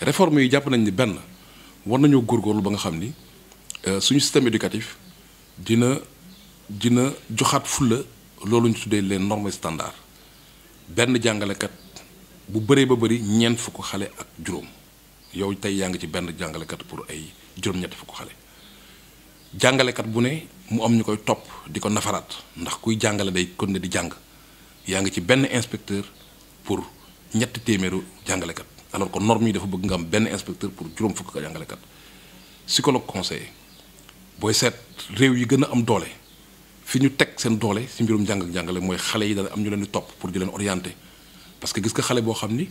réforme yi jàpp nañ ni benn war nañoo góorgóorlu ba nga xam ni euh, suñu système éducatif dina dina joxaat fulla loolu ñu tuddee les normes standards benn jàngalekat bu bëree ba bëri ñeent fukk xale ak juróom yow tey yaa ngi ci benn jàngalekat pour ay juróom-ñetti fukk xale jàngalekat bu ne mu am ñu koy topp di ko nafaraat ndax kuy jàngale day kon ne di jàng yaa ngi ci benn inspecteur pour ñetti téeméeru jàngalekat alors que norme yi dafa bëgg nga am benn inspecteur pour juróom fukk jàngalekat psychologue conseiller booy seet réew yi gën a am doole fi ñu teg seen doole ci mbirum jàng ak jàngale mooy xale yi dana am ñu leen di topp pour di leen orienter parce que gis nga xale boo xam ni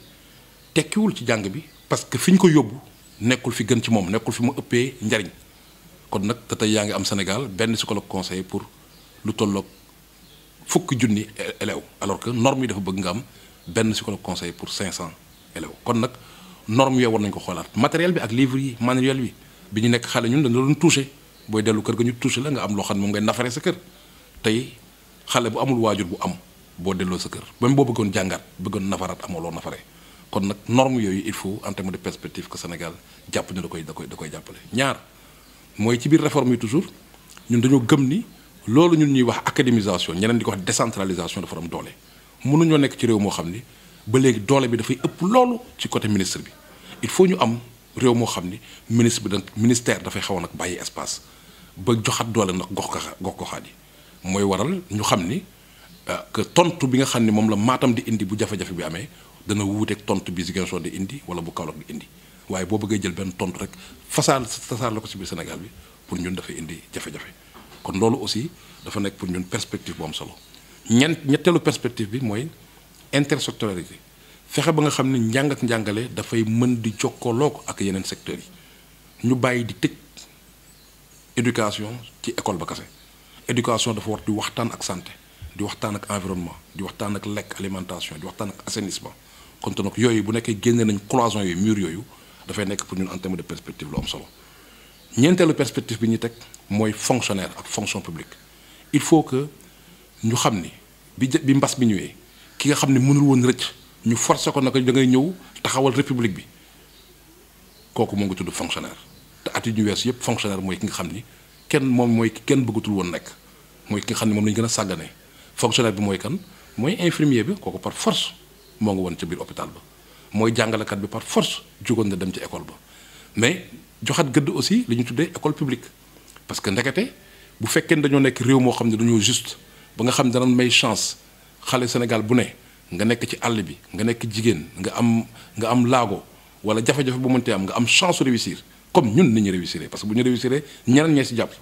tekkiwul ci jàng bi parce que fi ñu ko yóbbu nekkul fi gën ci moom nekkul fi mu ëppee njariñ kon nag te tey yaa ngi am Sénégal benn psychologue conseil pour lu tolloog fukki junni e alors que norme yi dafa bëgg nga am benn psychologue conseiller pour 500. élève kon nag norme yooyu war ko xoolaat matériel bi ak livre yi manuel bi bi ñu nekk xale ñun dañu doon touché booy dellu kër ñu touché la nga am loo xam ne moom ngay tey xale bu amul waajur bu am boo delloo sa kër même boo bëggoon jàngaat bëggoon nafaraat amoo loo nafaree kon nag norme yooyu il faut en de perspective ko Sénégal jàpp ne da koy da da koy jàppale ñaar mooy ci biir réforme yi toujours ñun dañoo gëm ni loolu ñun ñuy wax académisation ñeneen di ko wax décentralisation dafa am doole mënuñoo nekk ci réew moo xam ni ba léegi doole bi dafay ëpp loolu ci côté ministre bi il faut ñu am réew moo xam ni ministre bi da ministère dafay xaw nag bàyyi espace ba joxat doole nag gox gox goxaat yi mooy waral ñu xam ni euh, que tontu bi nga xam ni moom la maatam di indi bu jafe-jafe bi amee dana wuuteeg tontu bi Ziguinchor di indi wala bu Kaolack di indi waaye boo bëggee jël benn tontu rek fasaal tasaal la ko ci biir Sénégal bi pour ñun dafay indi jafe-jafe kon loolu aussi dafa nekk pour ñun perspective bu am solo ñeent ñetteelu perspective bi mooy intersectorialité fexe ba nga xam ne njàng ak njàngale dafay mën di jokkoloog ak yeneen secteurs yi ñu bàyyi di tëj éducation ci école ba kase éducation dafa war di waxtaan ak santé di waxtaan ak environnement di waxtaan ak lekk alimentation di waxtaan ak assainissement kon te nag yooyu bu nekkee génne nañ cloison yooyu mur yooyu dafay nekk pour ñun en terme de perspective lu am solo ñeenteelu perspective bi ñu teg mooy fonctionnaire ak fonction publique il faut que ñu xam ni bi bi mbas bi ñëwee ki nga xam ne mënul woon rëcc. ñu forcé ko nag da ngay ñëw taxawal république bi kooku moo ngi tudd fonctionnaire te at yi ñu wees yëpp fonctionnaire mooy ki nga xam ni kenn moom mooy kenn bëggatul woon nekk mooy ki nga xam ne moom lañu gën a sàggane fonctionnaire bi mooy kan mooy infirmier bi kooku par force moo ngi woon ca biir hôpital ba mooy jàngalekat bi par force jógoon nga dem ca école ba mais joxaat gëdd aussi li ñu tuddee école publique parce que ndekete bu fekkee dañoo nekk réew moo xam ne dañoo juste ba nga xam ne may chance xale Sénégal bu ne nga nekk ci àll bi nga nekk jigéen nga am nga am laago wala jafe-jafe bu mënti am nga am chance réussir comme ñun ni ñu réussir parce que bu ñu réussir ñeneen ñee si jàpp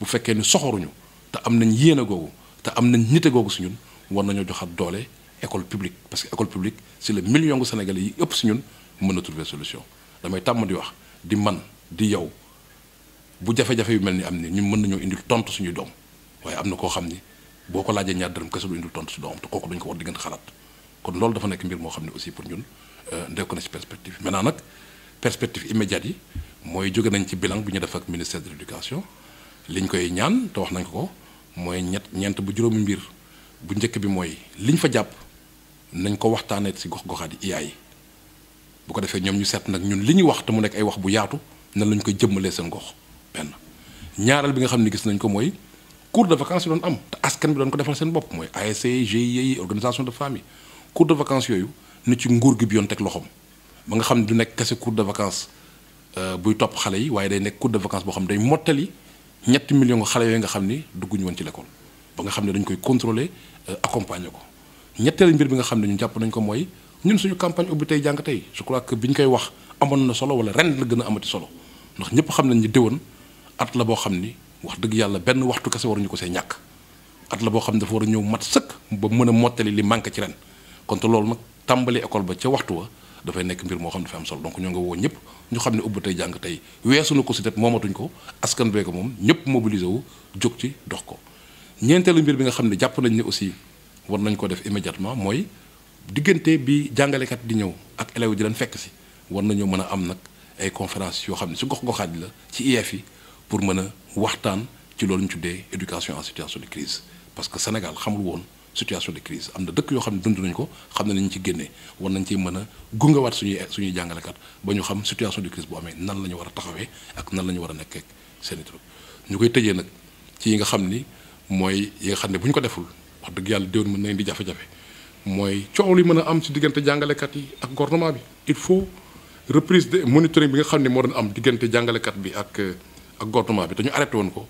bu fekkee ni soxoruñu te am nañ yéene googu te am nañ nite googu si ñun war nañoo joxaat doole école publique parce que école publique si le million gu sénégalais yi ëpp si ñun mën a solution damay tàmm di wax di man di yow bu jafe-jafe yu mel ni am ñu mën nañoo indil tontu suñuy doom waaye am na koo xam ni boo ko laajee ñaar dërëm kese du kooku dañ ko war xalaat kon loolu dafa nekk mbir moo xam ne aussi pour ñun euh, ndekk na ci perspective maintenant nag perspective immédiate yi mooy jóge nañ ci bilan bu ñu def ak ministère de l'éducation li ñu koy ñaan te wax nañ ko mooy ñett ñeent bu juróomi mbir bu njëkk bi mooy li ñu fa jàpp nañ ko waxtaanee ci gox-goxaat yi iyaay bu ko defee ñoom ñu seet nag ñun li ñu wax te mu nekk ay wax bu yaatu nan lañ koy jëmmalee seen gox benn ñaareel bi nga xam ne gis nañ ko mooy cours de vacances yi doon am te askan bi doon ko defal seen bopp mooy ASC e, e, de famille cours de vacances yooyu na ci nguur gi bi yoon teg loxoom ba nga xam ne du nekk kese cours de vacances euh, buy topp xale yi waaye day nekk cours de vacances boo xam ne day mottali ñetti millions xale yooyu nga xam ni dugguñu woon ci l'école ba nga xam ne dañ koy contrôler euh, accompagner ko ñetteelu mbir bi nga xam ne ñu jàpp nañ ko mooy ñun suñu campagne ubbi tey jàng tey je crois que bi ñu koy wax amoon na solo wala ren la gën a amati solo ndax ñëpp xam nañ ni déwén at la boo xam ni wax dëgg yàlla benn waxtu kese waruñu ko see ñàkk at la boo xam ne dafa war a ñëw mat sëkk ba mën a mottali li manqué ci ren konte loolu nag tàmbali école ba ca waxtu wa dafay nekk mbir moo xam dafa am solo donc ñoo nga woo ñëpp ñu xam ne ubbi tey jàng tey weesu ko si tët moomatuñ ko askan bee ko moom ñëpp mobiliser wu jóg ci dox ko ñeenteelu mbir bi nga xam ne jàpp nañ ne aussi war nañ ko def immédiatement mooy diggante bi jàngalekat di ñëw ak élèves di leen fekk si war nañoo mën a am nag ay conférence yoo xam ne si gox-goxaat la ci IEF yi pour mën a waxtaan ci loolu tuddee éducation en situation parce que Sénégal xamul woon situation de crise am na dëkk yoo xam ne dund nañ ko xam ne nañ ci génnee war nañ ci mën a gungawaat suñuy suñuy jàngalekat ba ñu xam situation de crise bu amee nan la ñu war a taxawee ak nan la ñu war a nekkeek seen i truc ñu koy tëjee nag ci yi nga xam ni mooy yi xam ne bu ko deful wax dëgg yàlla déwén mën na indi jafe mooy coow li mën a am ci diggante jàngalekat yi ak gouvernement il faut reprise de monitoring bi nga xam ne moo doon am diggante jàngalekat bi ak ak bi dañu ñu arrêté woon ko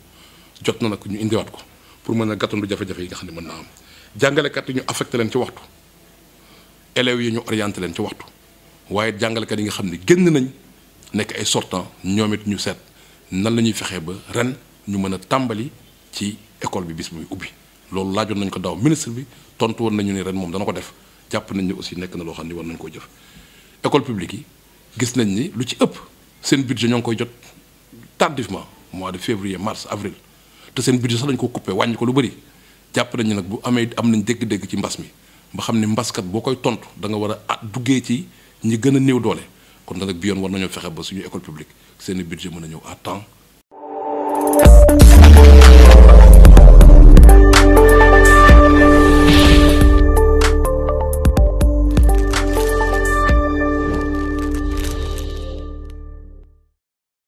jot na nag ñu indiwaat ko pour mën a gàttandu jafe-jafe yi nga xam ne mën naa am jàngalekat yi ñu affecté leen ci waxtu élèves yi ñu orienté leen ci waxtu waaye jàngalekat yi nga xam ne génn nañ nekk ay sortant ñoom ñu seet nan la ñuy fexee ba ren ñu mën a tàmbali ci école bi bis muy ubbi loolu laajoon nañ ko daaw ministre bi tontu woon nañu ne ren moom dana ko def jàpp nañ ne aussi nekk na loo xam ne war nañ koo jëf école publique yi gis nañ ni lu ci ëpp seen budget ñoo ngi koy jot tardivement mois de février mars avril te seen budget sax ko coupé wàññi ko lu bëri jàpp nañ nag bu amee am nañ dégg-dégg ci mbas mi ba xam ne mbaskat boo koy tontu da nga war a at duggee ci ñi gën a néew doole kon nag bi yoon war nañoo fexe ba suñu école publique seen budget mën a ñëw à temps